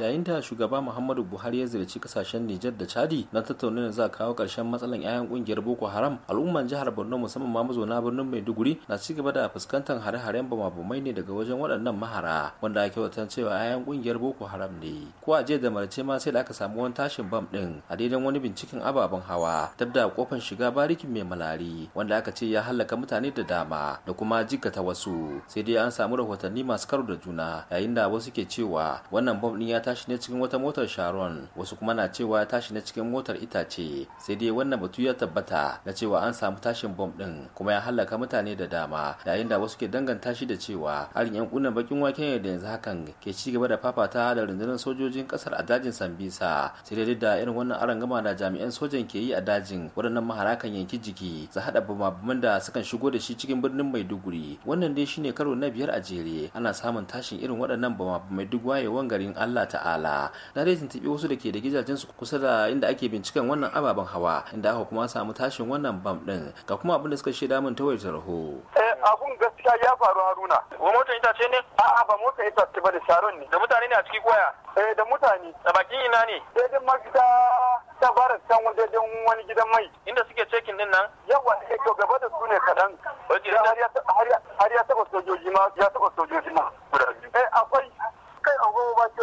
yayin da shugaba muhammadu buhari ya ziyarci kasashen nijar da chadi na tattaunawa za kawo karshen matsalan 'ya'yan kungiyar boko haram al'umman jihar borno musamman ma mazauna birnin maiduguri na ci gaba da fuskantar hare-haren bama-bamai ne daga wajen waɗannan mahara wanda ake watan cewa 'ya'yan kungiyar boko haram ne ko a jiya da marace ma sai da aka samu wani tashin bam din a daidan wani binciken ababen hawa tabda da kofan shiga barikin mai malari wanda aka ce ya hallaka mutane da dama da kuma jikata wasu sai dai an samu rahotanni masu karo da juna yayin da wasu ke cewa wannan bam din ya tashi ne cikin wata motar sharon wasu kuma na cewa ya tashi ne cikin motar itace sai dai wannan batu ya tabbata na cewa an samu tashin bom din kuma ya halaka mutane da dama yayin da wasu ke danganta shi da cewa harin yan kunnan bakin waken da yanzu hakan ke ci gaba da fafata da rundunar sojojin kasar a dajin sambisa sai dai da irin wannan arangama da jami'an sojan ke yi a dajin waɗannan maharakan kan yanki jiki su haɗa bumabuman da sukan shigo da shi cikin birnin maiduguri wannan dai shine karo na biyar a jere ana samun tashin irin waɗannan bumabumai duk wayewan garin allah ta ta'ala na dai tuntuɓi wasu da ke da gidajen su kusa da inda ake binciken wannan ababen hawa inda aka kuma samu tashin wannan bam din ga kuma abin da suka shaida min ta wayar ta eh abun gaskiya ya faru haruna wa mota ita ce ne a'a ba mota ita ce ba da sharon ne da mutane ne a ciki koya eh da mutane da bakin ina ne sai dai mafita ta fara can wani gidan mai inda suke cekin din nan yawa eh to gaba da su ne kaɗan har ya taɓa sojoji ma ya taɓa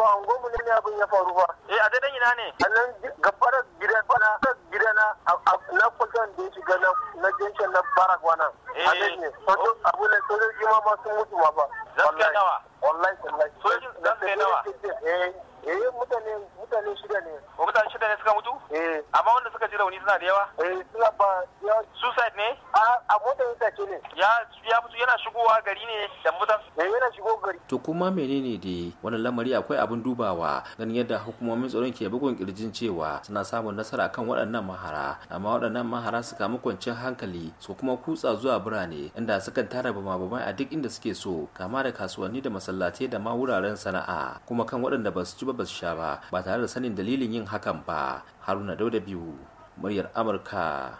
ba ango mu ne abin ya faru ba E, a dadan ina ne a nan gabara gida bana gida na na kwatan da shiga na na jinkin na barak wannan eh. a nan ne abu ne sojoji ma ma sun mutu ma ba wallahi wallahi wallahi sojoji zan kai nawa eh eh mutane mutane shida ne mutane shida ne suka mutu eh amma wanda suka ji rauni suna da yawa eh suna ba suicide ne a motar sake ne ya ya mutu yana shigowa gari ne da mutan eh, yana shigo gari to kuma menene da wannan lamari akwai abin dubawa ganin yadda hukumomin tsaron ke bugun kirjin cewa suna samun nasara kan waɗannan mahara amma waɗannan mahara su kamu kwanciyar hankali su kuma kutsa zuwa birane inda sukan tara bama-bamai a duk inda suke so kama da kasuwanni da masallatai da ma wuraren sana'a kuma kan waɗanda ba su ci ba ba su sha ba ba tare da sanin dalilin yin hakan ba haruna dauda biyu muryar amurka